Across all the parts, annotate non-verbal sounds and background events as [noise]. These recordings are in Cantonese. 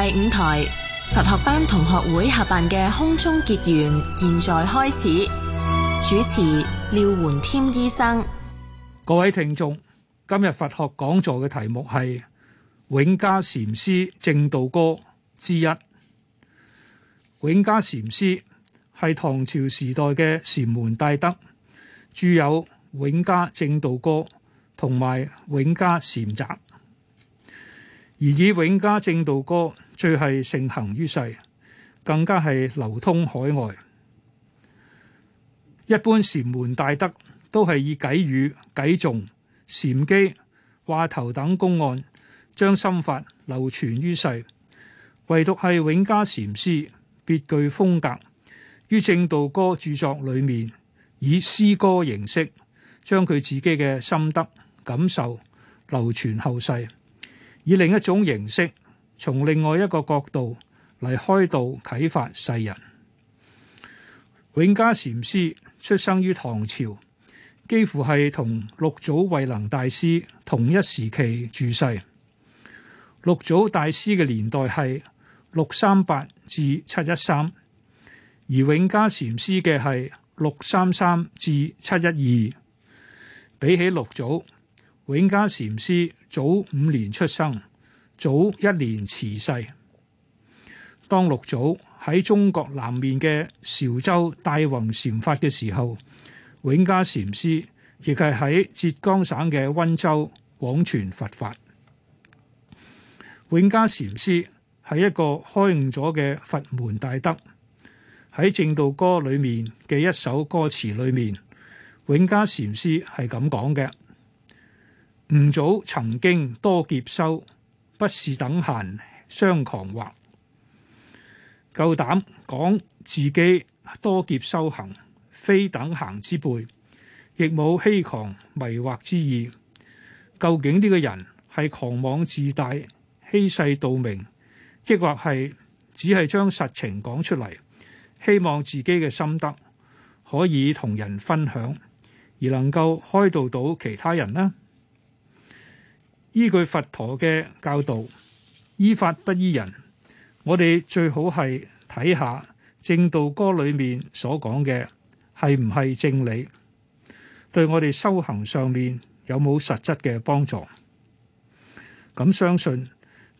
第五台佛學班同學會合辦嘅空中結緣，現在開始，主持廖垣添醫生。各位聽眾，今日佛學講座嘅題目係《永嘉禪師證道歌》之一。永嘉禪師係唐朝時代嘅禪門大德，著有《永嘉證道歌》同埋《永嘉禪集》，而以《永嘉證道歌》。最係盛行於世，更加係流通海外。一般禪門大德都係以偈語、偈頌、禪機、話頭等公案，將心法流傳於世。唯獨係永嘉禪師，別具風格，於《證道歌》著作裏面，以詩歌形式將佢自己嘅心得感受流傳後世，以另一種形式。從另外一個角度嚟開導啟發世人。永嘉禪師出生於唐朝，幾乎係同六祖慧能大師同一時期住世。六祖大師嘅年代係六三八至七一三，而永嘉禪師嘅係六三三至七一二。比起六祖，永嘉禪師早五年出生。早一年辭世。當六祖喺中國南面嘅韶州大弘禪法嘅時候，永嘉禪師亦係喺浙江省嘅溫州廣傳佛法。永嘉禪師係一個開悟咗嘅佛門大德。喺證道歌裏面嘅一首歌詞裏面，永嘉禪師係咁講嘅：吾早曾經多劫修。」不是等閒，相誑惑，夠膽講自己多劫修行，非等閒之輩，亦冇欺誑迷惑之意。究竟呢個人係狂妄自大、欺世盜名，抑或係只係將實情講出嚟，希望自己嘅心得可以同人分享，而能夠開導到其他人呢？依據佛陀嘅教導，依法不依人。我哋最好係睇下證道歌裏面所講嘅係唔係正理，對我哋修行上面有冇實質嘅幫助。咁相信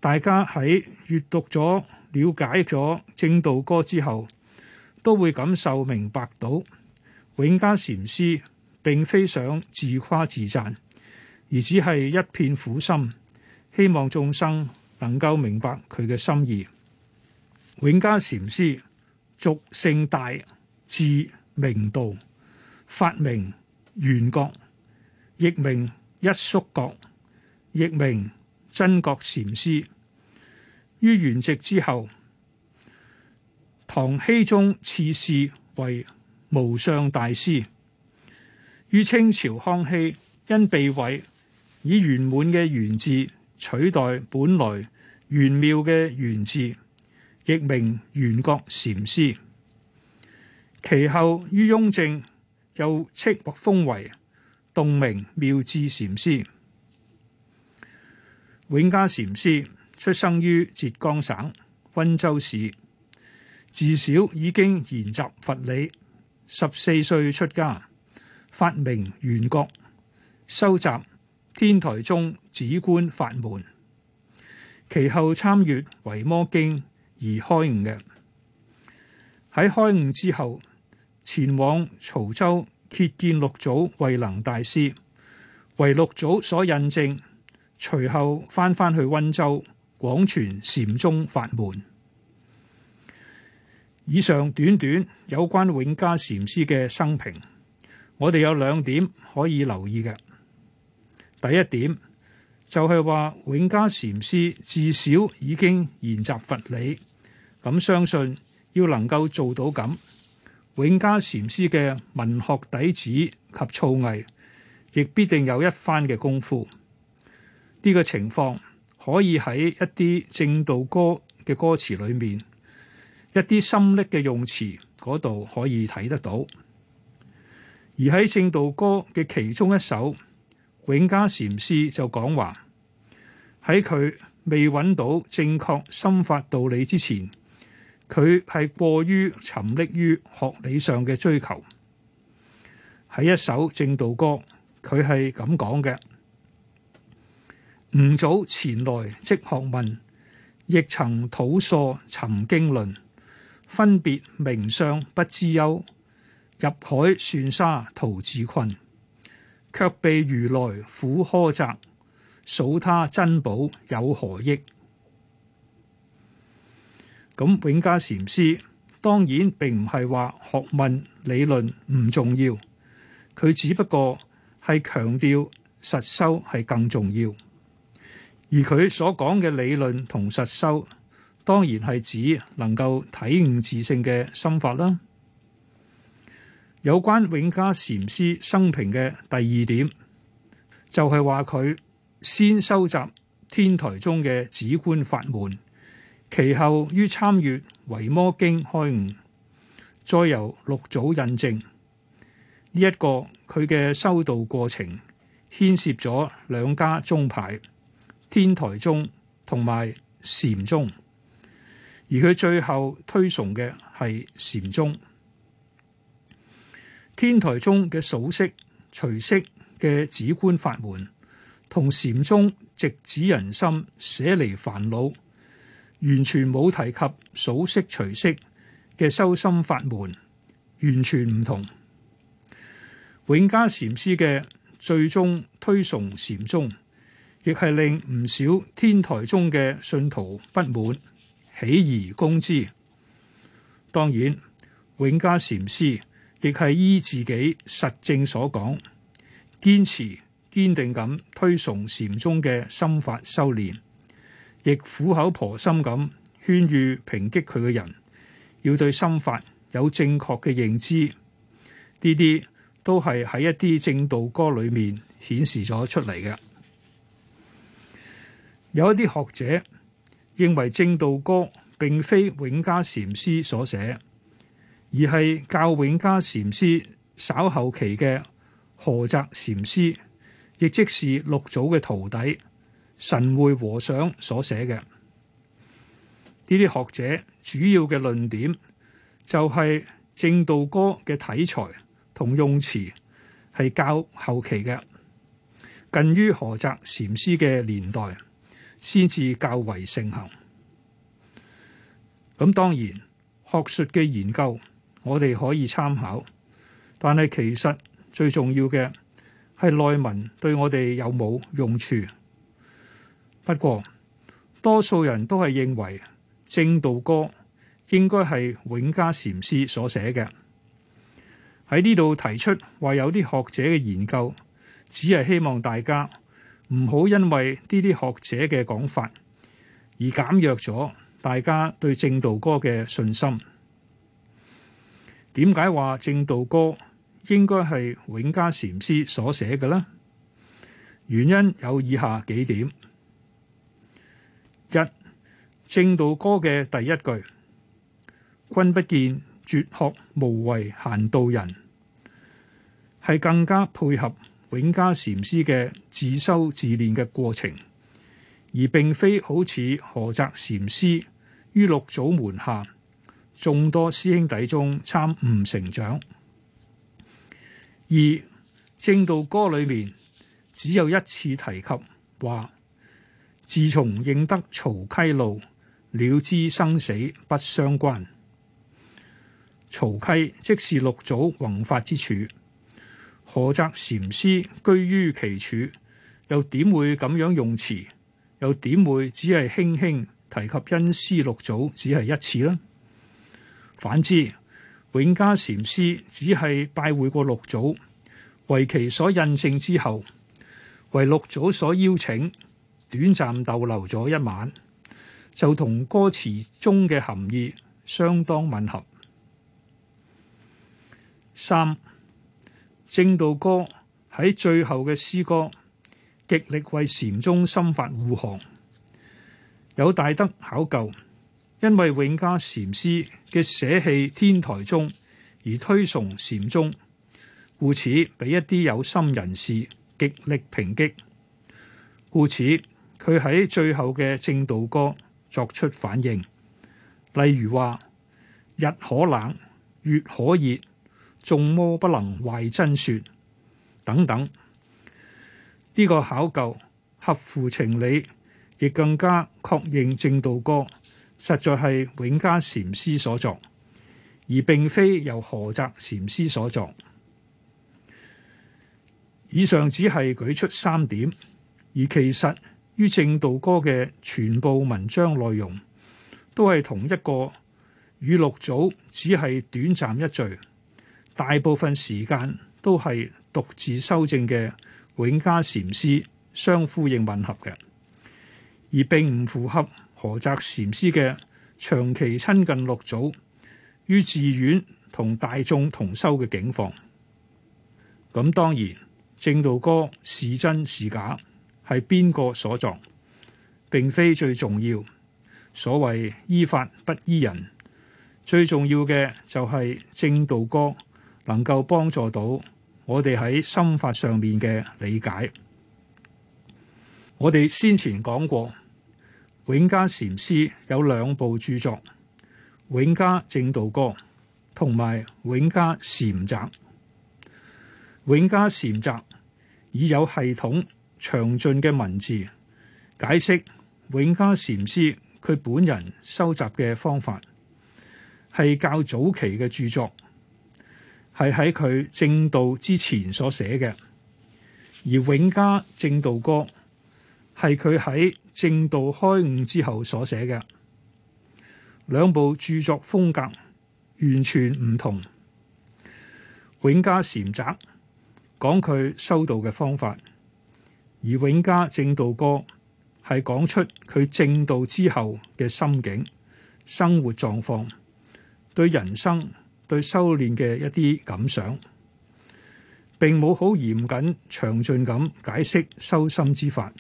大家喺閱讀咗、了解咗證道歌之後，都會感受明白到永嘉禪師並非想自誇自讚。而只係一片苦心，希望眾生能夠明白佢嘅心意。永嘉禪師俗姓戴，字明道，法名玄覺，亦名一宿覺，亦名真覺禪師。於圓寂之後，唐僖宗賜謚為無相大師。於清朝康熙因被毀。以圓滿嘅圓字取代本來玄妙嘅玄字，亦名圓覺禪師》，其後於雍正又敕或封為洞明妙智禪師。永嘉禪師出生於浙江省温州市，自小已經研習佛理，十四歲出家，發明圓覺》收集。天台宗止觀法門，其後參閱維摩經而開悟嘅。喺開悟之後，前往潮州謁見六祖慧能大師，為六祖所印證。隨後翻返去溫州廣傳禪宗法門。以上短短有關永嘉禪師嘅生平，我哋有兩點可以留意嘅。第一點就係話，永嘉禪師至少已經研習佛理，咁相信要能夠做到咁，永嘉禪師嘅文學底子及造詣，亦必定有一番嘅功夫。呢個情況可以喺一啲證道歌嘅歌詞裏面，一啲深諳嘅用詞嗰度可以睇得到。而喺證道歌嘅其中一首。永嘉禪師就講話：喺佢未揾到正確心法道理之前，佢係過於沉溺於學理上嘅追求。喺一首正道歌，佢係咁講嘅：吾早前來即學問，亦曾討疏尋經論，分別名相不知休，入海算沙徒自困。卻被如來苦苛責，數他珍寶有何益？咁永嘉禪師當然並唔係話學問理論唔重要，佢只不過係強調實修係更重要。而佢所講嘅理論同實修，當然係指能夠體悟自性嘅心法啦。有關永嘉禪師生平嘅第二點，就係話佢先收集天台宗嘅止觀法門，其後於參閱《維摩經》開悟，再由六祖印證呢一個佢嘅修道過程，牽涉咗兩家宗派：天台宗同埋禪宗。而佢最後推崇嘅係禪宗。天台宗嘅數息、隨息嘅止觀法門，同禪宗直指人心、捨離煩惱，完全冇提及數息、隨息嘅修心法門，完全唔同。永嘉禪師嘅最終推崇禪宗，亦係令唔少天台宗嘅信徒不滿，起而攻之。當然，永嘉禪師。亦係依自己實證所講，堅持堅定咁推崇禪宗嘅心法修煉，亦苦口婆心咁勸喻抨擊佢嘅人，要對心法有正確嘅認知。呢啲都係喺一啲證道歌裏面顯示咗出嚟嘅。有一啲學者認為證道歌並非永嘉禪師所寫。而係教永嘉禪師稍後期嘅何澤禪師，亦即是六祖嘅徒弟神會和尚所寫嘅。呢啲學者主要嘅論點，就係證道歌嘅體裁同用詞係較後期嘅，近於何澤禪師嘅年代，先至較為盛行。咁當然，學術嘅研究。我哋可以參考，但係其實最重要嘅，係內文對我哋有冇用處。不過多數人都係認為證道歌應該係永嘉禪師所寫嘅。喺呢度提出話有啲學者嘅研究，只係希望大家唔好因為呢啲學者嘅講法而減弱咗大家對證道歌嘅信心。點解話證道歌應該係永嘉禪師所寫嘅呢？原因有以下幾點：一、證道歌嘅第一句「君不見絕學無為閒道人」係更加配合永嘉禪師嘅自修自練嘅過程，而並非好似荷澤禪師於六祖門下。眾多師兄弟中參悟成長，而證道歌裏面只有一次提及，話：自從認得曹溪路，了知生死不相關。曹溪即是六祖弘法之處，何則禪師居於其處，又點會咁樣用詞？又點會只係輕輕提及恩師六祖只係一次呢？反之，永嘉禪師只係拜會過六祖，為其所印證之後，為六祖所邀請，短暫逗留咗一晚，就同歌詞中嘅含義相當吻合。三證道歌喺最後嘅詩歌，極力為禪宗心法護航，有大德考究。因為永嘉禪師嘅捨棄天台宗而推崇禪宗，故此俾一啲有心人士極力抨擊。故此，佢喺最後嘅正道歌作出反應，例如話：日可冷，月可熱，眾魔不能壞真説等等。呢個考究合乎情理，亦更加確認正道歌。實在係永嘉禪師所作，而並非由菏澤禪師所作。以上只係舉出三點，而其實於證道歌嘅全部文章內容，都係同一個與六祖只係短暫一聚，大部分時間都係獨自修正嘅永嘉禪師相呼應吻合嘅，而並唔符合。荷澤禪師嘅長期親近六祖，於寺院同大眾同修嘅境況，咁當然證道歌是真是假，係邊個所作，並非最重要。所謂依法不依人，最重要嘅就係證道歌能夠幫助到我哋喺心法上面嘅理解。我哋先前講過。永嘉禪師有兩部著作，《永嘉證道歌》同埋《永嘉禪集》。《永嘉禪集》已有系統、詳盡嘅文字解釋永嘉禪師佢本人收集嘅方法，係較早期嘅著作，係喺佢證道之前所寫嘅。而《永嘉證道歌》係佢喺證道開悟之後所寫嘅兩部著作，風格完全唔同。永嘉禪集講佢修道嘅方法，而永嘉證道歌係講出佢證道之後嘅心境、生活狀況，對人生、對修練嘅一啲感想。並冇好嚴謹、詳盡咁解釋修心之法。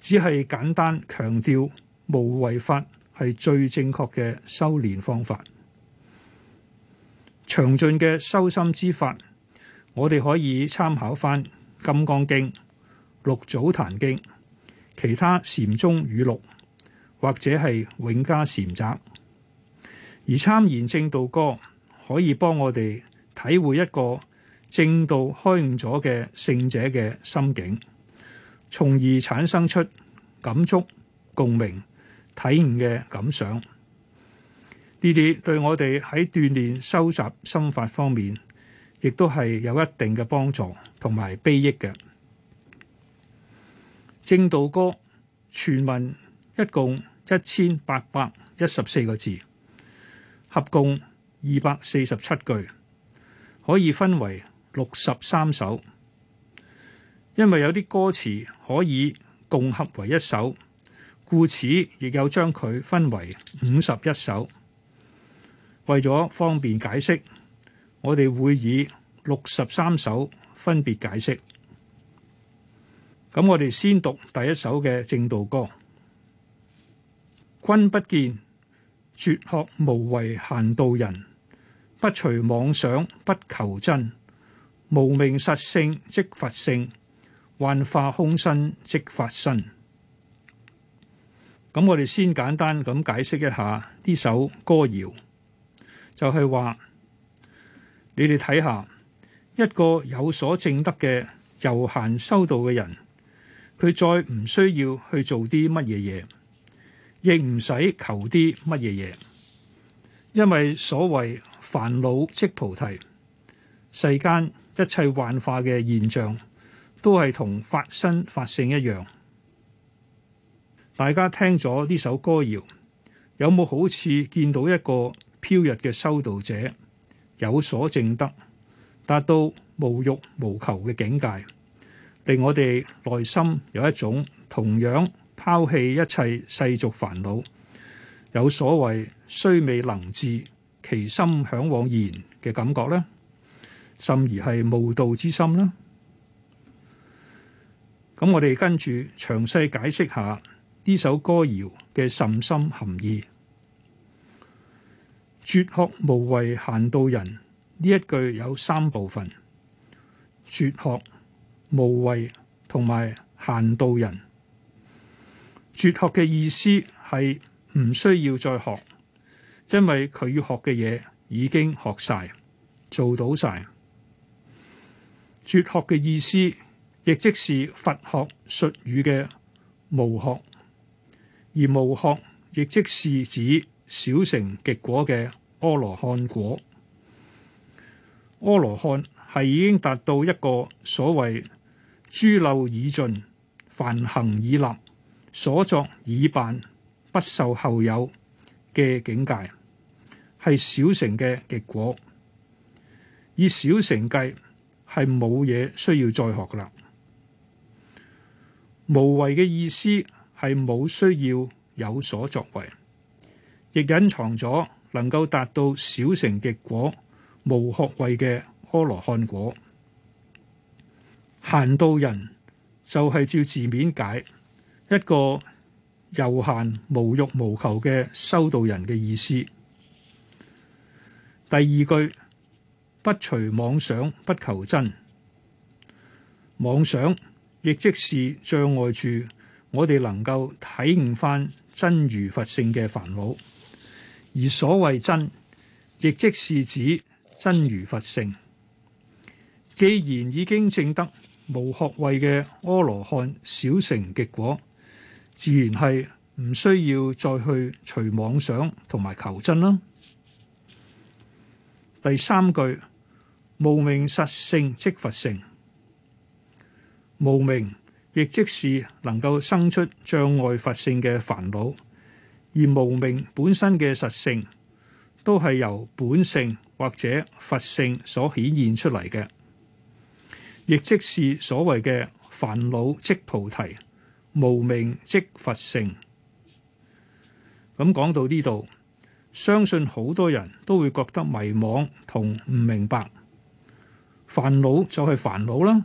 只係簡單強調無為法係最正確嘅修練方法。詳盡嘅修心之法，我哋可以參考翻《金剛經》《六祖壇經》其他禪宗語錄，或者係《永嘉禪集》。而參研證道歌，可以幫我哋體會一個證道開悟咗嘅聖者嘅心境。從而產生出感觸、共鳴、體悟嘅感想，呢啲對我哋喺鍛鍊、收集心法方面，亦都係有一定嘅幫助同埋裨益嘅。證道歌全文一共一千八百一十四個字，合共二百四十七句，可以分為六十三首。因為有啲歌詞可以共合為一首，故此亦有將佢分為五十一首。為咗方便解釋，我哋會以六十三首分別解釋。咁我哋先讀第一首嘅證道歌。君不見，絕學無為閑道人，不除妄想，不求真，無名實性即佛性。幻化空身即法身，咁我哋先簡單咁解釋一下呢首歌謠，就係話你哋睇下一個有所正德嘅悠閒修道嘅人，佢再唔需要去做啲乜嘢嘢，亦唔使求啲乜嘢嘢，因為所謂煩惱即菩提，世間一切幻化嘅現象，都係同法身法性一樣，大家聽咗呢首歌謠，有冇好似見到一個飄逸嘅修道者，有所證得，達到無欲無求嘅境界，令我哋內心有一種同樣拋棄一切世俗煩惱，有所謂雖未能至，其心向往然嘅感覺呢？甚而係慕道之心啦。咁我哋跟住詳細解釋下呢首歌謠嘅甚深含義。絕學無為閒道人呢一句有三部分：絕學、無為同埋閒道人。絕學嘅意思係唔需要再學，因為佢要學嘅嘢，已經學晒，做到晒。絕學嘅意思。亦即是佛學術語嘅無學，而無學亦即是指小乘極果嘅阿羅漢果。阿羅漢係已經達到一個所謂諸漏已盡、梵行已立、所作已辦、不受後有嘅境界，係小乘嘅結果。以小乘計，係冇嘢需要再學啦。無為嘅意思係冇需要有所作為，亦隱藏咗能夠達到小成極果無學位嘅阿羅漢果。閑道人就係照字面解一個有閒無欲無求嘅修道人嘅意思。第二句不除妄想，不求真。妄想，亦即是障礙住我哋能夠體悟翻真如佛性嘅煩惱，而所謂真，亦即是指真如佛性。既然已經證得無學位嘅阿羅漢小乘結果，自然係唔需要再去除妄想同埋求真啦。第三句，無明實性即佛性。無明亦即是能夠生出障礙佛性嘅煩惱，而無明本身嘅實性，都係由本性或者佛性所顯現出嚟嘅，亦即是所謂嘅煩惱即菩提，無明即佛性。咁講到呢度，相信好多人都會覺得迷惘同唔明白，煩惱就係煩惱啦。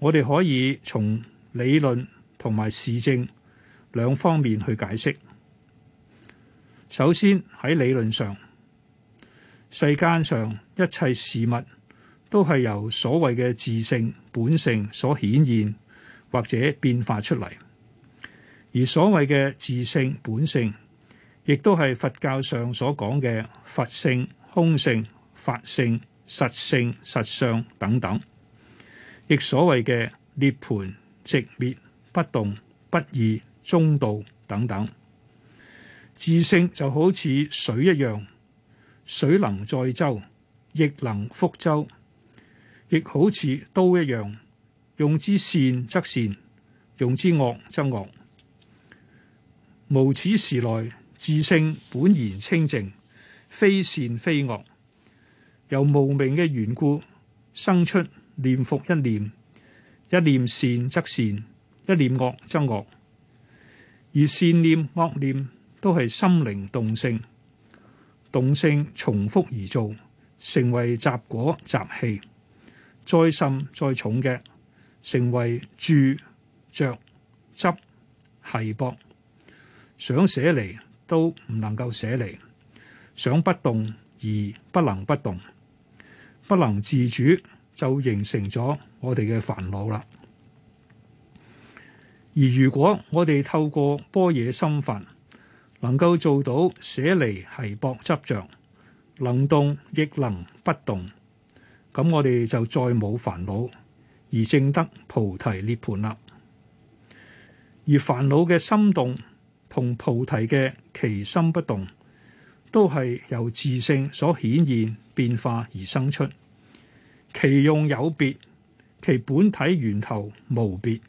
我哋可以從理論同埋事證兩方面去解釋。首先，喺理論上，世間上一切事物都係由所謂嘅自性本性所顯現或者變化出嚟，而所謂嘅自性本性，亦都係佛教上所講嘅佛性、空性、法性、實性、實相等等。亦所謂嘅涅槃直滅不動不二中道等等，智性就好似水一樣，水能載舟，亦能覆舟；亦好似刀一樣，用之善則善，用之惡則惡。無始時來，智性本然清淨，非善非惡，由無明嘅緣故生出。念復一念，一念善則善，一念惡則惡。而善念惡念都係心靈動性，動性重複而做，成為雜果雜氣，再深再重嘅，成為住着執繫薄。想捨離都唔能夠捨離，想不動而不能不動，不能自主。.就形成咗我哋嘅煩惱啦。而如果我哋透過般若心法，能夠做到捨離繫搏執着，能動亦能不動，咁我哋就再冇煩惱，而證得菩提涅盤啦。而煩惱嘅心動同菩提嘅其心不動，都係由自性所顯現變化而生出。其用有別，其本體源頭無別，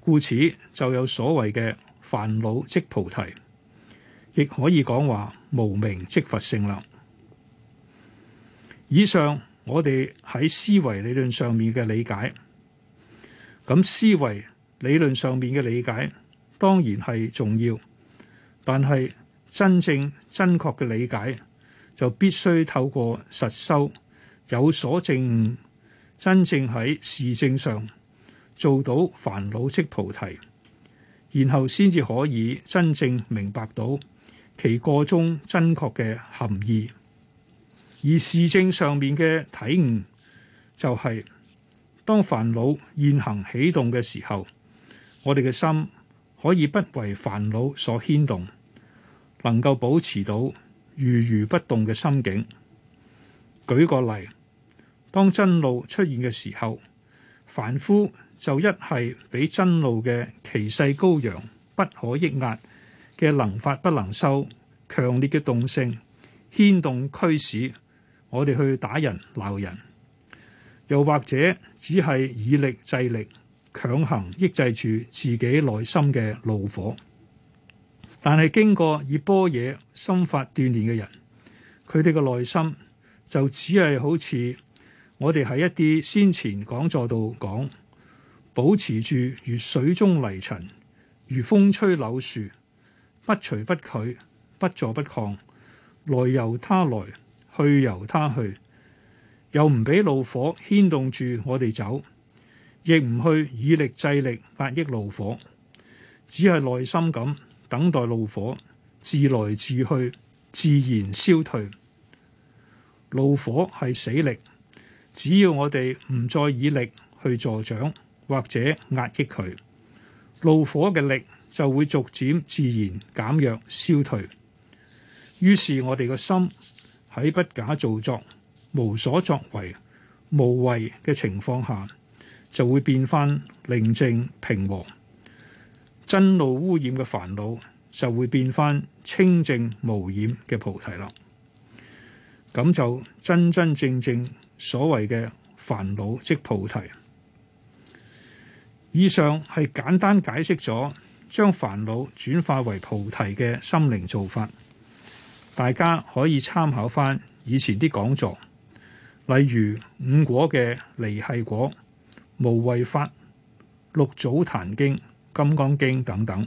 故此就有所謂嘅煩惱即菩提，亦可以講話無明即佛性啦。以上我哋喺思維理論上面嘅理解，咁思維理論上面嘅理解當然係重要，但係真正真確嘅理解就必須透過實修。有所證悟，真正喺事政上做到煩惱即菩提，然後先至可以真正明白到其個中真確嘅含義。而事政上面嘅體悟，就是，就係當煩惱現行起動嘅時候，我哋嘅心可以不為煩惱所牽動，能夠保持到如如不動嘅心境。舉個例。當真怒出現嘅時候，凡夫就一係俾真怒嘅奇勢高揚，不可抑壓嘅能發不能收，強烈嘅動性牽動驅使我哋去打人鬧人；又或者只係以力制力，強行抑制住自己內心嘅怒火。但係經過以般若心法鍛煉嘅人，佢哋嘅內心就只係好似。我哋喺一啲先前講座度講，保持住如水中泥塵，如風吹柳樹，不隨不拒，不坐不抗，來由他來，去由他去，又唔俾怒火牽動住我哋走，亦唔去以力制力壓抑怒火，只係耐心咁等待怒火自來自去，自然消退。怒火係死力。只要我哋唔再以力去助長或者壓抑佢怒火嘅力，就會逐漸自然減弱消退。於是，我哋嘅心喺不假造作、無所作為、無為嘅情況下，就會變返寧靜平和。真怒污染嘅煩惱就會變返清淨無染嘅菩提啦。咁就真真正正。所謂嘅煩惱即菩提。以上係簡單解釋咗將煩惱轉化為菩提嘅心靈做法，大家可以參考翻以前啲講座，例如五果嘅離繫果、無為法、六祖壇經、金剛經等等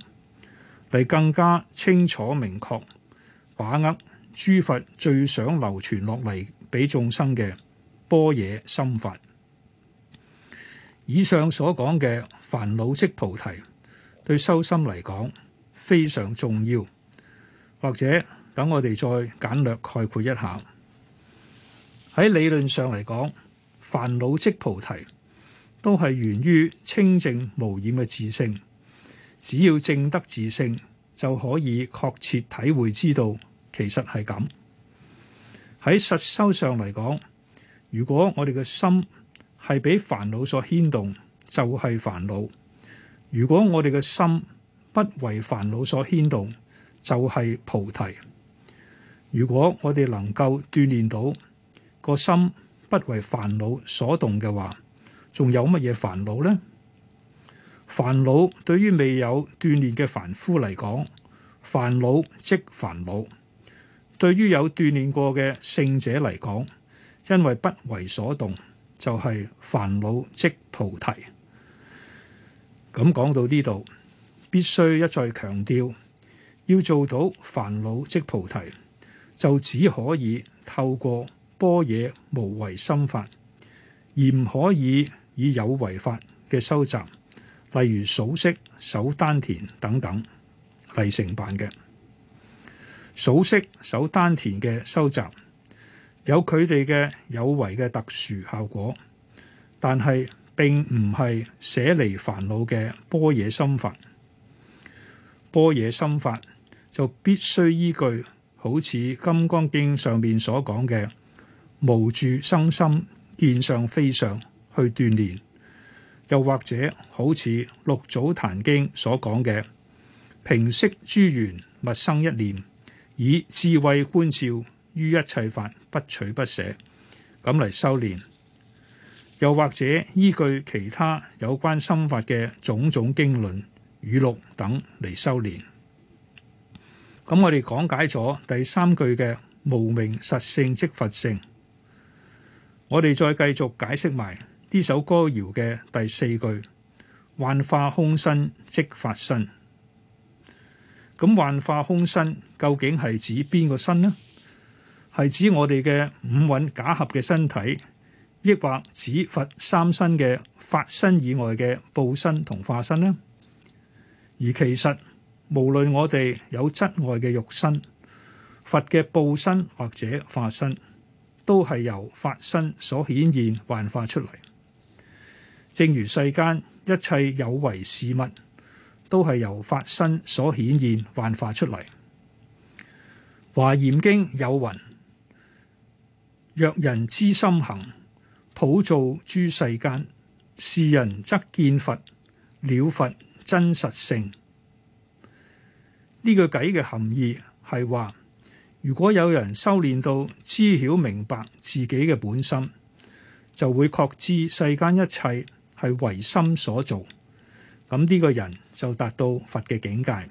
嚟更加清楚明確把握諸佛最想流傳落嚟俾眾生嘅。般若心法，以上所講嘅煩惱即菩提，對修心嚟講非常重要。或者等我哋再簡略概括一下，喺理論上嚟講，煩惱即菩提都係源於清淨無染嘅自性。只要正得自性，就可以確切體會知道其實係咁。喺實修上嚟講。如果我哋嘅心係俾煩惱所牽動，就係煩惱；如果我哋嘅心不為煩惱所牽動，就係菩提。如果我哋能夠鍛煉到個心不為煩惱所動嘅話，仲有乜嘢煩惱呢？煩惱對於未有鍛煉嘅凡夫嚟講，煩惱即煩惱；對於有鍛煉過嘅聖者嚟講，因為不為所動，就係煩惱即菩提。咁講到呢度，必須一再強調，要做到煩惱即菩提，就只可以透過般若無為心法，而唔可以以有為法嘅修習，例如數息、守丹田等等嚟成辦嘅，數息、式守丹田嘅修習。有佢哋嘅有為嘅特殊效果，但係並唔係捨離煩惱嘅般若心法。般若心法就必須依據好似《金剛經》上面所講嘅無住生心、見相非相去鍛鍊，又或者好似《六祖壇經》所講嘅平息諸緣，勿生一念，以智慧觀照於一切法。不取不捨咁嚟修練，又或者依據其他有關心法嘅種種經論語錄等嚟修練。咁我哋講解咗第三句嘅無明實性即佛性，我哋再繼續解釋埋呢首歌謠嘅第四句幻化空身即法身。咁幻化空身究竟係指邊個身呢？係指我哋嘅五蘊假合嘅身體，抑或指佛三身嘅法身以外嘅報身同化身呢？而其實無論我哋有質外嘅肉身，佛嘅報身或者化身，都係由法身所顯現幻化出嚟。正如世間一切有為事物，都係由法身所顯現幻化出嚟。華嚴經有云。若人知心行，普造諸世間，是人則見佛，了佛真實性。呢個偈嘅含義係話，如果有人修煉到知曉明白自己嘅本心，就會確知世間一切係唯心所造。咁呢個人就達到佛嘅境界，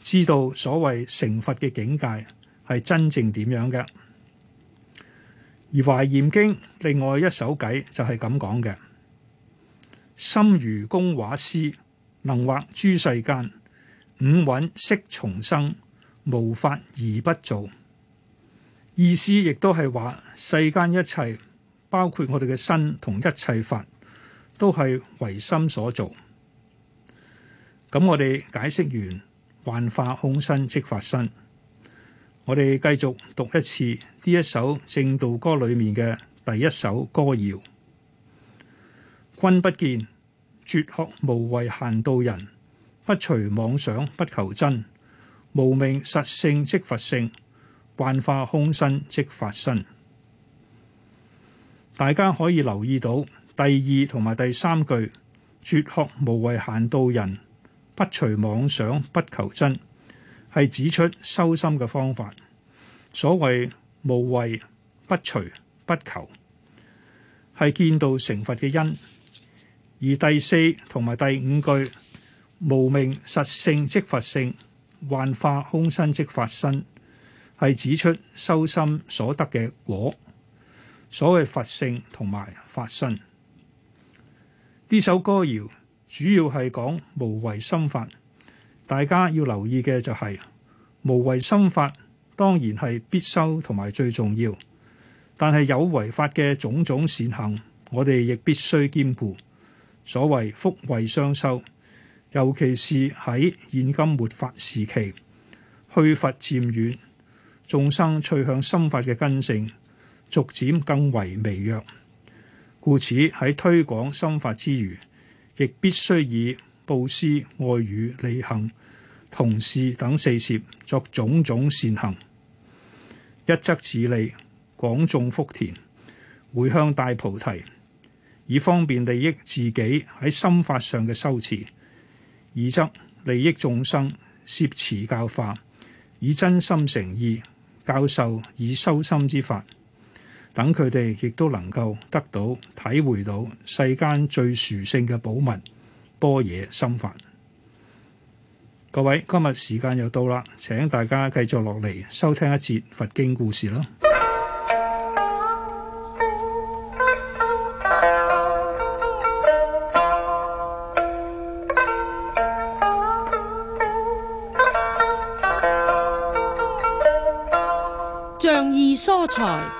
知道所謂成佛嘅境界係真正點樣嘅。而《華嚴經》另外一首偈就係咁講嘅：心如工畫師，能畫諸世間。五蘊悉從生，無法而不造。意思亦都係話世間一切，包括我哋嘅身同一切法，都係唯心所造。咁我哋解釋完幻化空身即法身。我哋繼續讀一次呢一首證道歌裏面嘅第一首歌謠：君不見，絕學無為閒道人，不隨妄想不求真，無明實性即佛性，幻化空身即法身。大家可以留意到第二同埋第三句：絕學無為閒道人，不隨妄想不求真。係指出修心嘅方法，所謂無為不除、不求，係見到成佛嘅因；而第四同埋第五句無明實性即佛性，幻化空身即法身，係指出修心所得嘅果，所謂佛性同埋法身。呢首歌謠主要係講無為心法。大家要留意嘅就係、是、無為心法，當然係必修同埋最重要。但係有為法嘅種種善行，我哋亦必須兼顧，所謂福慧雙修。尤其是喺現今末法時期，去佛漸遠，眾生趨向心法嘅根性逐漸更為微弱，故此喺推廣心法之餘亦必須以布施、愛語、利行，同事等四攝作種種善行，一則自利廣種福田，回向大菩提，以方便利益自己喺心法上嘅修持；二則利益眾生，攝持教化，以真心誠意教授以修心之法，等佢哋亦都能夠得到體會到世間最殊勝嘅寶物般若心法。各位，今日時間又到啦，請大家繼續落嚟收聽一次佛經故事啦。仗義疏財。 [music]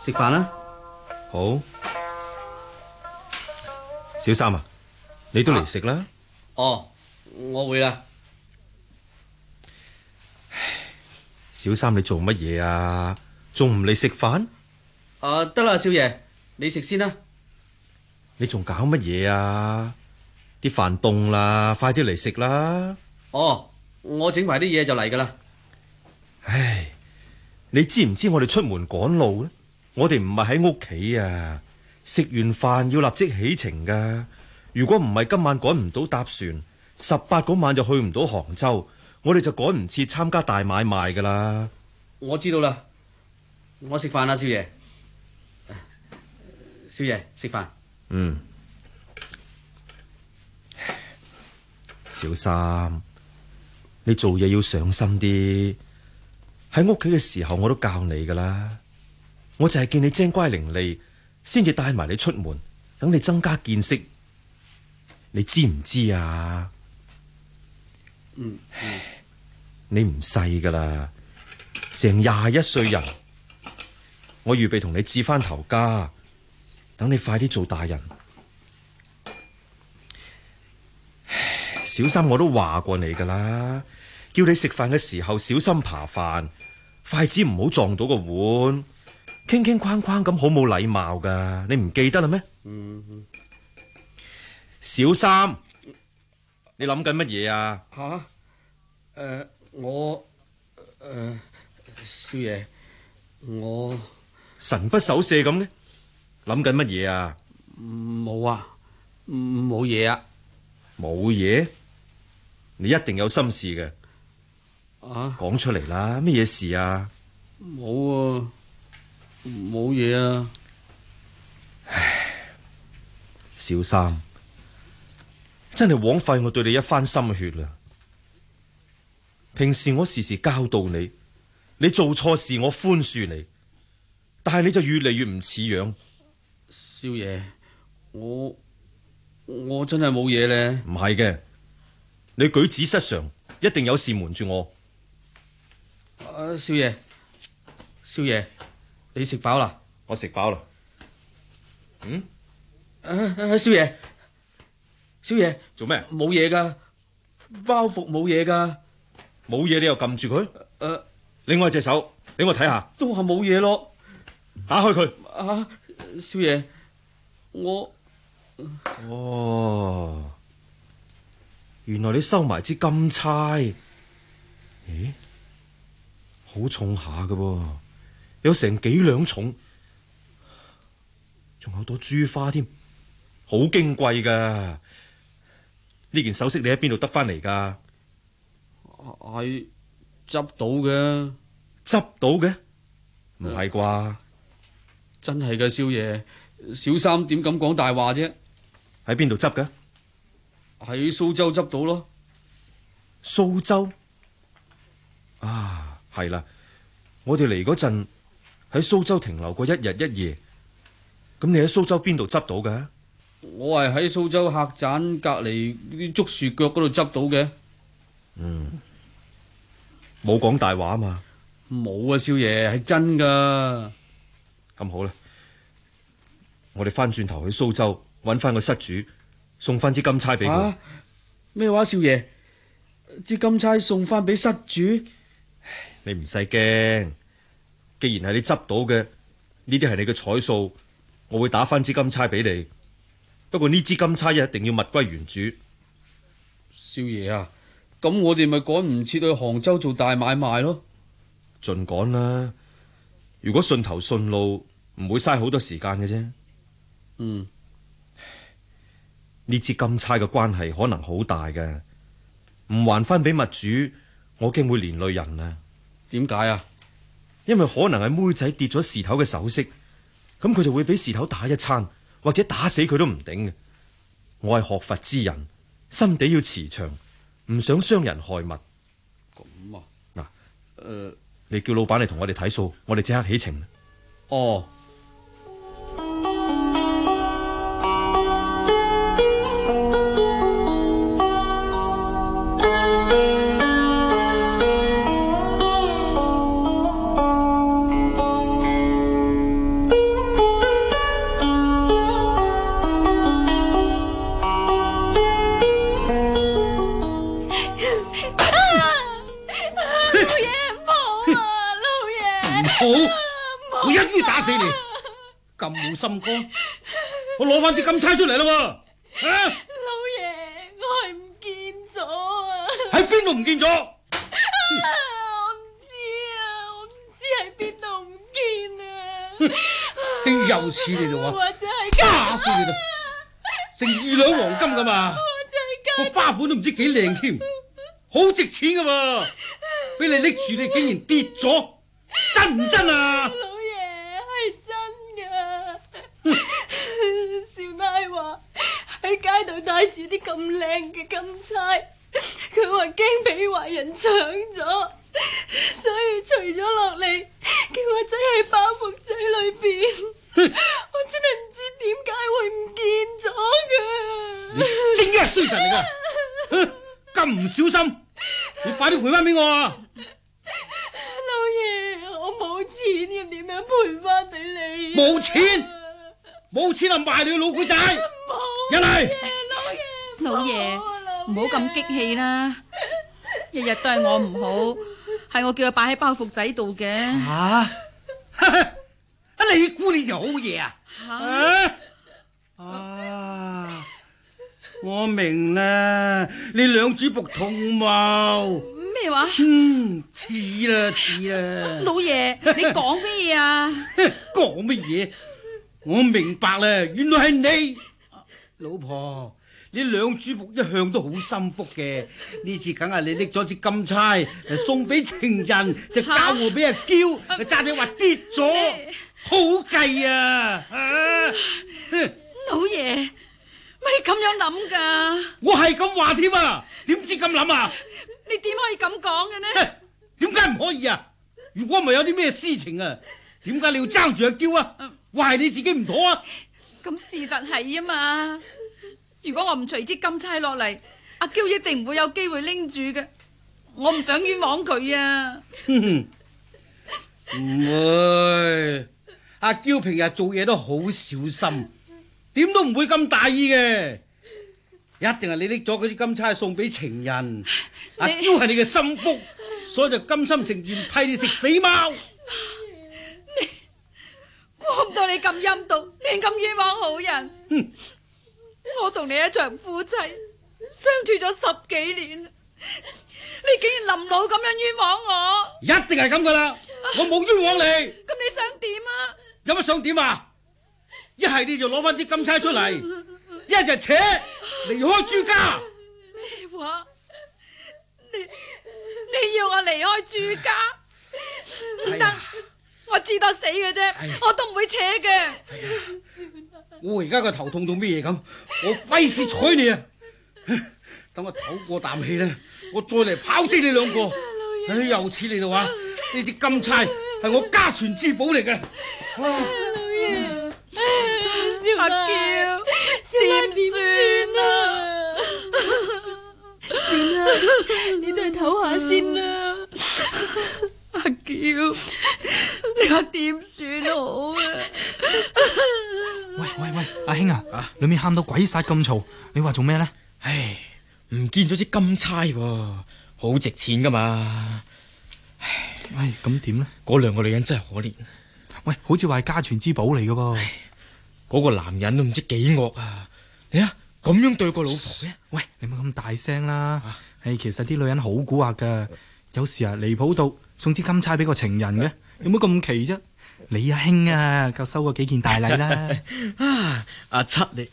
食飯啦，飯好。小三啊，你都嚟食啦。哦，我會啦。唉，小三，你做乜嘢啊？仲唔嚟食飯？啊，得啦，少爺，你食先啦。你仲搞乜嘢啊？啲飯凍啦，快啲嚟食啦。哦，我整埋啲嘢就嚟㗎啦。唉，你知唔知我哋出門趕路咧？我哋唔係喺屋企啊！食完飯要立即起程噶。如果唔係今晚趕唔到搭船，十八嗰晚就去唔到杭州，我哋就趕唔切參加大買賣噶啦。我知道啦，我食飯啦，少爺。少爺食飯。飯，嗯。小三，你做嘢要上心啲。喺屋企嘅時候我都教你噶啦。我就係見你精乖伶俐，先至帶埋你出門，等你增加見識。你知唔知啊？嗯，你唔細噶啦，成廿一歲人，我預備同你置翻頭家，等你快啲做大人。唉，小心我都話過你噶啦，叫你食飯嘅時候小心扒飯，筷子唔好撞到個碗。傾傾框框咁，好冇禮貌噶，你唔記得啦咩？嗯，小三，你諗緊乜嘢啊？吓？誒，我誒、呃，少爺，我神不守舍咁呢？諗緊乜嘢啊？冇啊，冇嘢啊，冇嘢，你一定有心事嘅，啊？講出嚟啦，乜嘢事啊？冇啊。冇嘢啊！唉，小三，真係枉費我對你一番心血啦！平時我時時教導你，你做錯事我寬恕你，但係你就越嚟越唔似樣。少爺，我我真係冇嘢咧。唔係嘅，你舉止失常，一定有事瞞住我。啊，少爺，少爺。你食飽啦？我食飽啦。嗯？少爺、啊，少爺做咩？冇嘢噶，包袱冇嘢噶。冇嘢你又撳住佢？誒、啊，另外一隻手，俾我睇下。都話冇嘢咯。打開佢。啊，少爺，我。哦，原來你收埋支金釵。誒、哎，好重下噶噃。有成幾兩重，仲有朵珠花添，好矜貴噶。呢件首飾你喺邊度得返嚟噶？係執到嘅，執到嘅。唔係啩？真係㗎，少爺，小三點敢講大話啫？喺邊度執嘅？喺蘇州執到咯。蘇州？啊，係啦，我哋嚟嗰陣。喺蘇州停留過一日一夜，咁你喺蘇州邊度執到嘅？我係喺蘇州客棧隔籬啲竹樹腳嗰度執到嘅。嗯，冇講大話啊嘛。冇啊，少爺，係真噶。咁好啦，我哋翻轉頭去蘇州揾翻個失主，送翻支金釵俾佢。咩話，少爺？支金釵送翻俾失主，你唔使驚。既然係你執到嘅，呢啲係你嘅彩數，我會打翻支金釵俾你。不過呢支金釵一定要物歸原主。少爺啊，咁我哋咪趕唔切去杭州做大買賣咯？盡管啦！如果順頭順路，唔會嘥好多時間嘅啫。嗯，呢支金釵嘅關係可能好大嘅，唔還翻俾物主，我驚會連累人啊。點解啊？因為可能係妹仔跌咗事頭嘅首飾，咁佢就會俾事頭打一餐，或者打死佢都唔頂嘅。我係學佛之人，心地要慈祥，唔想傷人害物。咁啊，嗱，誒，你叫老闆嚟同我哋睇數，我哋即刻起程。哦。咁冇心肝，我攞翻支金釵出嚟啦喎！啊、老爺，我係唔見咗啊！喺邊度唔見咗？我唔知啊，我唔知喺邊度唔見啊！又似你度啊？或者係假數嚟度？打死你啦！成二兩黃金噶嘛？個花款都唔知幾靚添，好值錢噶噃！俾你拎住，你竟然跌咗，真唔真啊？睇住啲咁靚嘅金釵，佢話驚俾壞人搶咗，所以除咗落嚟，叫我仔喺包袱仔裏邊，我真係唔知點解會唔見咗㗎！正一係衰神嚟噶，咁唔小心，你快啲賠翻俾我啊！老爺，我冇錢要點樣賠翻俾你？冇錢，冇錢啊！賣你老鬼仔，唔好，阿麗。老爺，唔好咁激氣啦，日日都係我唔好，係我叫佢擺喺包袱仔度嘅。吓，阿你估你就好嘢啊？吓，啊，我明啦，你兩主僕同謀。咩話？嗯，似啦似啦。老爺，你講咩嘢啊？講乜嘢？我明白啦，原來係你，老婆。你兩主僕一向都好心腹嘅，呢次梗係你搦咗支金釵送俾情人，就嫁禍俾阿嬌，就揸住話跌咗，好計啊！老爺，乜你咁樣諗噶？我係咁話添啊，點知咁諗啊？你點、啊、可以咁講嘅呢？點解唔可以啊？如果唔係有啲咩私情啊，點解你要爭住阿嬌啊？話係你自己唔妥啊？咁、啊啊嗯、事實係啊嘛。如果我唔隨支金釵落嚟，阿嬌一定唔會有機會拎住嘅。我唔想冤枉佢啊！唔會，阿嬌平日做嘢都好小心，點都唔會咁大意嘅。一定係你拎咗嗰支金釵送俾情人，你阿嬌係你嘅心腹，所以就甘心情願替你食死貓。 [laughs] 你，估唔到你咁陰毒，你咁冤枉好人。 [laughs] 我同你一場夫妻相處咗十幾年，你竟然臨老咁樣冤枉我，一定係咁噶啦！我冇冤枉你。咁 [laughs] 你想點啊？有乜想點啊？一係你就攞翻支金釵出嚟，一係就扯離開朱家。咩話？你你要我離開朱家？唔得呀，但我至到死嘅啫，呀我都唔會扯嘅。我而家個頭痛到咩嘢咁，我費事睬你啊！等我唞個啖氣咧，我再嚟炮擊你兩個。哎爺，又似爺你度話呢隻金釵係我家傳之寶嚟嘅。老爺爺，阿嬌，點算啊？算啦，你都係唞下先啦、嗯。阿嬌，你話點算好啊？喂喂喂，阿兄啊，啊，裏面喊到鬼殺咁嘈，你話做咩呢？唉，唔見咗支金釵喎，好值錢噶嘛。唉，咁點呢？嗰兩個女人真係可憐。喂，好似話係家傳之寶嚟噶噃。嗰個男人都唔知幾惡啊！你啊，咁樣對個老婆，喂，你咪咁大聲啦。唉，其實啲女人好蠱惑噶，有時啊，離譜到～送支金釵俾個情人嘅，有冇咁奇啫？你阿兄啊，夠收過幾件大禮啦！啊，阿七你，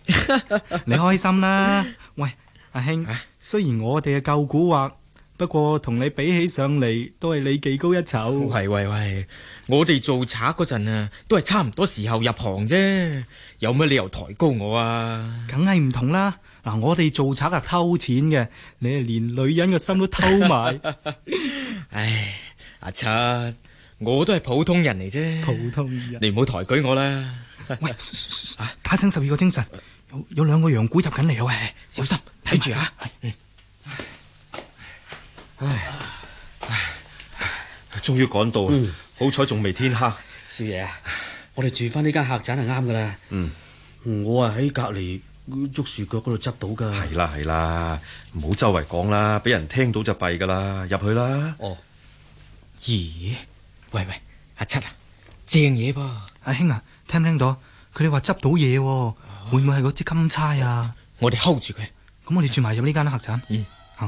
你開心啦？喂，阿兄，雖然我哋夠古惑，不過同你比起上嚟，都係你技高一籌。喂喂喂，我哋做賊嗰陣啊，都係差唔多時候入行啫，有乜理由抬高我啊？梗係唔同啦！嗱，我哋做賊係偷錢嘅，你係連女人嘅心都偷埋，唉。阿七，我都係普通人嚟啫，普通人，你唔好抬舉我啦。喂，打醒十二個精神，有有兩個羊牯入緊嚟，喂，小心睇住吓。唉，終於趕到啦，好彩仲未天黑。少爺啊，我哋住翻呢間客棧係啱噶啦。嗯，我啊喺隔籬竹樹腳嗰度執到噶。係啦係啦，唔好周圍講啦，俾人聽到就弊噶啦，入去啦。咦，喂喂，阿、啊、七啊，正嘢噃！阿、啊、兄啊，聽唔聽到？佢哋話執到嘢、啊，哦、會唔會係嗰支金釵啊，啊？我哋 hold 住佢，咁、啊、我哋住埋入呢間客棧。嗯，吓。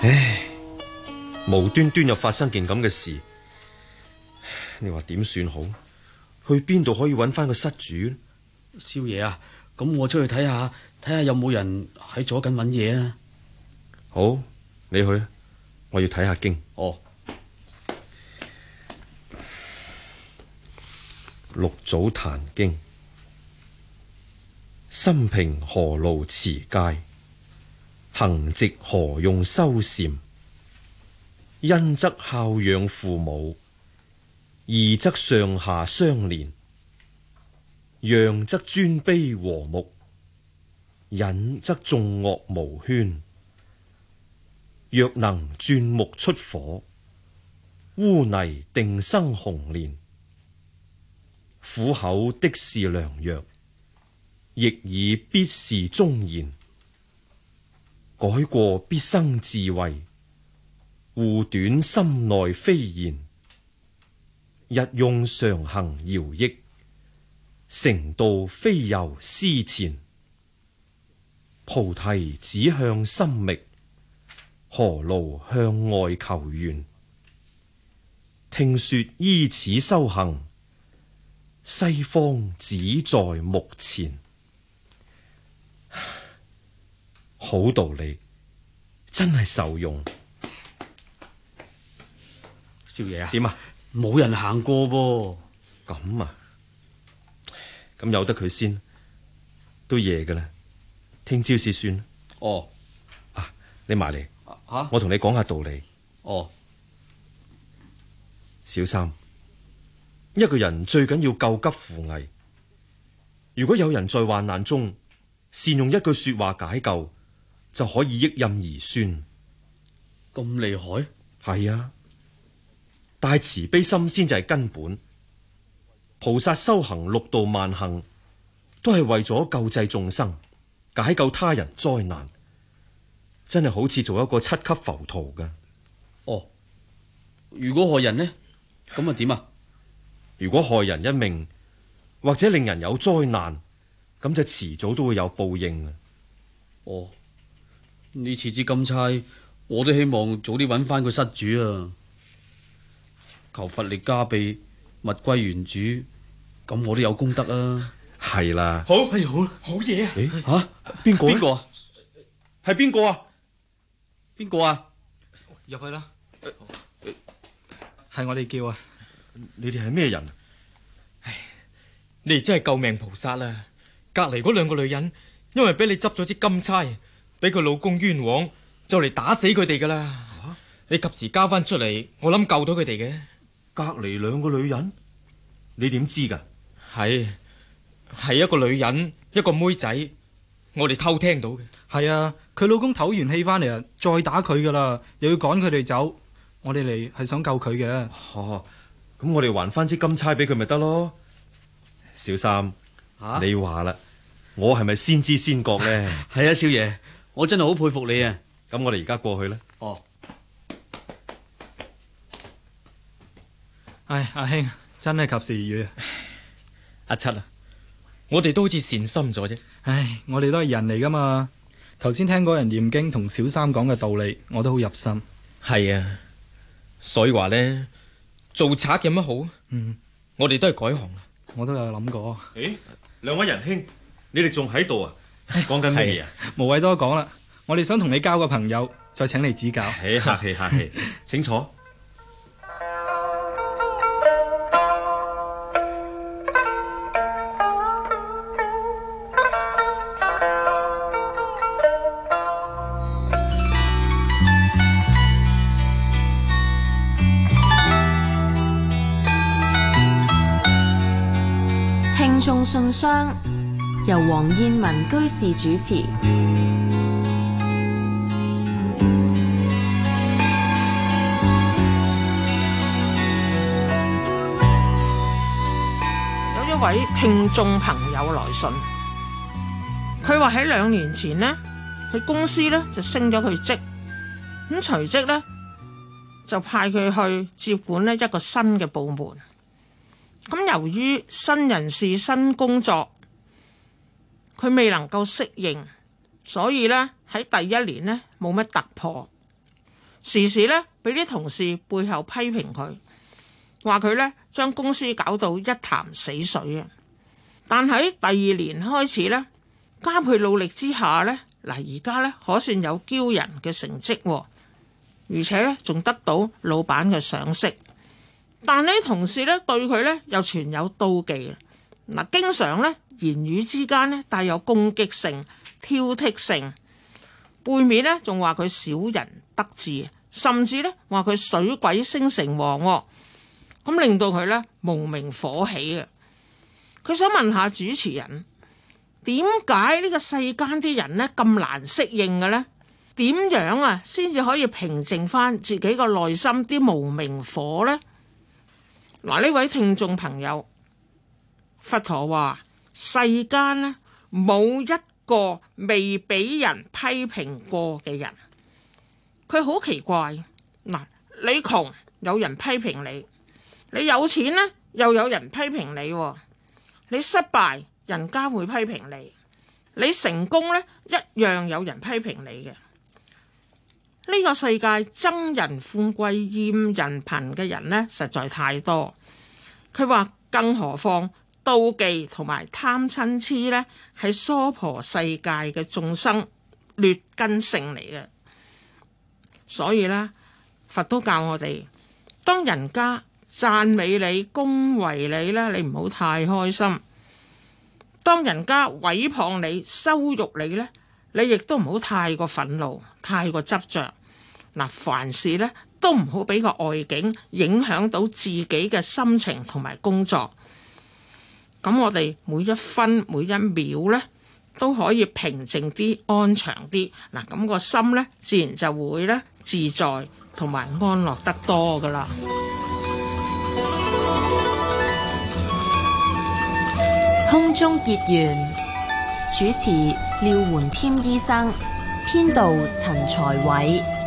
唉，無端端又發生件咁嘅事，你話點算好？去邊度可以揾翻個失主？少爺啊，咁我出去睇下，睇下有冇人喺左近揾嘢啊！好，你去，我要睇下經哦，《六祖壇經》，心平何勞持戒。行直何用修禪？恩則孝養父母，義則上下相連，讓則尊卑和睦，忍則眾惡無喧。若能鑽木出火，汙泥定生紅蓮。苦口的是良藥，逆耳必是忠言。改過必生智慧，護短心內非賢；日用常行饒，饒益成道非由施錢。菩提只向心覓，何勞向外求玄？聽說依此修行，西方只在目前。好道理，真係受用，少爺爺樣啊？點啊？冇人行過噃，咁啊？咁由得佢先，都夜噶啦，聽朝先算啦，哦，啊，你埋嚟吓？我同你講下道理。哦，小三，一個人最緊要救急扶危。如果有人在患難中，善用一句說話解救。就可以益蔭兒孫咁厲害係啊！但係慈悲心先就係根本。菩薩修行六度萬行，都係為咗救濟眾生、解救他人災難。真係好似做一個七級浮屠噶。哦，如果害人呢？咁啊點啊？如果害人一命，或者令人有災難，咁就遲早都會有報應啊。哦。呢次支金釵，我都希望早啲搵翻個失主啊！求佛力加被，物歸原主，咁我都有功德啊！係啦，好，哎好，好嘢啊！吓，邊個？邊個啊？係邊個啊？邊個啊？入去啦！係我哋叫啊！你哋係咩人啊？唉，你哋真係救命菩薩啦！隔籬嗰兩個女人，因為俾你執咗支金釵。俾佢老公冤枉，就嚟打死佢哋噶啦！啊、你及時交翻出嚟，我諗救到佢哋嘅。隔籬兩個女人，你點知噶？係係一個女人，一個妹仔，我哋偷聽到嘅。係啊，佢老公唞完氣翻嚟啊，再打佢噶啦，又要趕佢哋走。我哋嚟係想救佢嘅。哦、啊，咁我哋還翻支金釵俾佢咪得咯。小三，啊、你話啦，我係咪先知先覺咧？係啊， [laughs] 啊，少爺。我真係好佩服你啊！咁我哋而家過去啦。哦。唉，阿兄真係及時雨。阿七啊，我哋都好似善心咗啫。唉，我哋都係人嚟噶嘛。頭先聽嗰人念經同小三講嘅道理，我都好入心。係啊，所以話呢，做賊有乜好？嗯，我哋都係改行啦。我都有諗過。誒，兩位仁兄，你哋仲喺度啊？講緊咩？啊！無謂多講啦，我哋想同你交個朋友，再請你指教。嘿，客氣客氣，請坐。聽眾信箱。由黃燕文居士主持。有一位聽眾朋友來信，佢話喺兩年前呢，佢公司呢就升咗佢職，咁隨即呢就派佢去接管呢一個新嘅部門。咁由於新人事、新工作。佢未能夠適應，所以呢，喺第一年呢，冇乜突破，時時呢，俾啲同事背後批評佢，話佢呢將公司搞到一潭死水啊！但喺第二年開始呢，加倍努力之下呢，嗱，而家呢，可算有驕人嘅成績，而且呢，仲得到老闆嘅賞識。但呢，同事呢對佢呢，又存有妒忌。嗱，經常呢。言語之間咧帶有攻擊性、挑剔性，背面咧仲話佢小人得志，甚至咧話佢水鬼升成王，咁令到佢咧無名火起嘅。佢想問下主持人，「點解呢個世間啲人咧咁難適應嘅咧？點樣啊，先至可以平靜返自己個內心啲無名火呢？」嗱，呢位聽眾朋友，佛陀話。世間咧冇一個未俾人批評過嘅人，佢好奇怪嗱。你窮有人批評你，你有錢咧又有人批評你，你失敗人家會批評你，你成功咧一樣有人批評你嘅。呢個世界憎人富貴厭人貧嘅人咧實在太多。佢話更何況。妒忌同埋貪嗔癡呢，係娑婆世界嘅眾生劣根性嚟嘅。所以呢，佛都教我哋，當人家讚美你、恭維你呢，你唔好太開心；當人家毀謗你、羞辱你呢，你亦都唔好太過憤怒、太過執着。嗱，凡事呢都唔好俾個外境影響到自己嘅心情同埋工作。咁我哋每一分每一秒呢，都可以平靜啲、安詳啲。嗱，咁個心呢，自然就會呢自在同埋安樂得多㗎喇。空中結緣，主持廖垣添醫生，編導陳才偉。